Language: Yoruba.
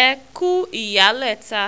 ẹ kú ìyálẹ̀ta